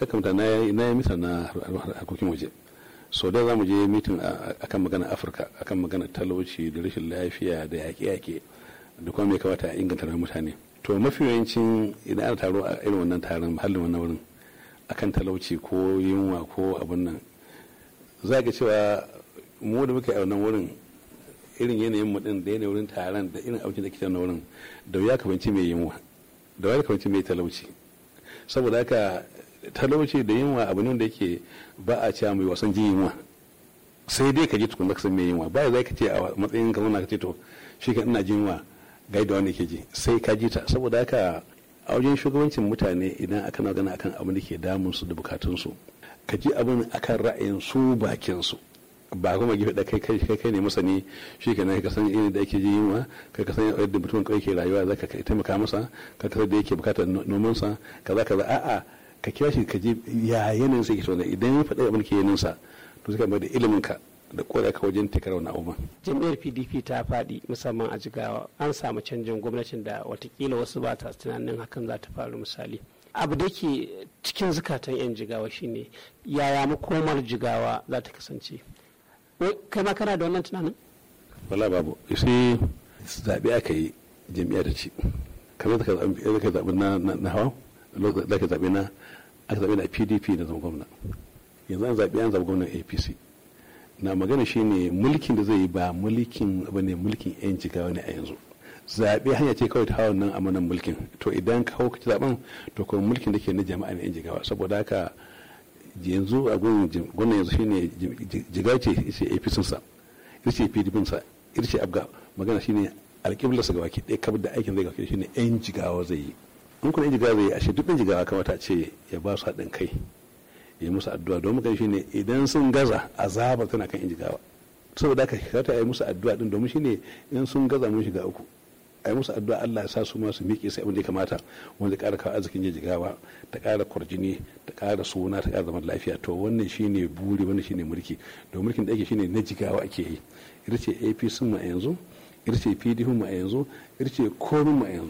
kakamta na yi misa na harkokin waje so da za mu je mitin a kan magana afirka a kan magana talauci da rashin lafiya da yaƙe-yaƙe da kuma mai kawata a inganta rayuwar mutane to mafi yawancin idan ana taro a irin wannan taron muhallin wannan wurin akan talauci ko yunwa ko abin nan za ka cewa mu da muka yi a wannan wurin irin yanayin mu da yanayin wurin taron da irin abincin da ke na wurin da wuya kamanci mai yunwa da wuya kamanci mai talauci saboda haka talauci da yunwa abu ne da yake ba a cewa mai wasan jin yunwa sai dai ka ji tukun ka san mai yunwa ba zai ka ce a matsayin ka zauna ka ce to shi ka ina jin yunwa gai da wanda ke ji sai ka ji ta saboda haka a wajen shugabancin mutane idan aka gana akan abin da ke damun su da bukatun su ka ji abin akan ra'ayin su bakin su ba kuma gefe da kai kai kai ne masani shi kenan ka san irin da ake ji wa ka ka san yadda mutum kai ke rayuwa zaka taimaka masa ka ka da yake bukatar ka za kaza kaza a'a ka kira shi ka je ya yanayin sa yake so idan ya faɗa abin ke yanayin sa to suka mai da ilimin ka da koda ka wajen tekar wani abu jam'iyyar pdp ta faɗi musamman a jigawa an samu canjin gwamnatin da watakila wasu ba ta tunanin hakan za ta faru misali abu da ke cikin zukatan 'yan jigawa shine yaya makomar jigawa za ta kasance kai ma kana da wannan tunanin wala babu sai zaɓe aka yi jam'iyyar ta ci kamar ka zaɓi na hawa da aka zaɓe na aka zaɓe na pdp na zama gwamna yanzu an zaɓe an zaɓi gwamnan apc na magana shine mulkin da zai yi ba mulkin abu ne mulkin yan jigawa ne a yanzu zaɓe hanya ce kawai ta hawan nan a manan mulkin to idan ka hau zaɓen to kuma mulkin da ke na jama'a ne yan jigawa saboda haka yanzu a gwamnan yanzu shine jigawa ce ce apc sa ita ce pdp sa ita ce abga magana shine alƙiblarsa ga baki ɗaya kabar da aikin zai ga ne yan jigawa zai yi in kuna jiga bai ashe duk jiga kamata ce ya ba su haɗin kai ya musu addu'a don kai shine idan sun gaza azabar tana kan ba saboda haka kata yi musu addu'a din domin shine in sun gaza mun shiga uku a yi musu addu'a Allah ya sa su ma su miƙe sai abin da ya kamata wanda ƙara kawo arzikin ya jigawa ta ƙara kwarjini ta ƙara suna ta ƙara zaman lafiya to wannan shine buri wannan shine mulki domin mulkin da ake shine na jigawa ake yi Irce APC mu a yanzu irce PDP mu a yanzu irce ce ma mu a yanzu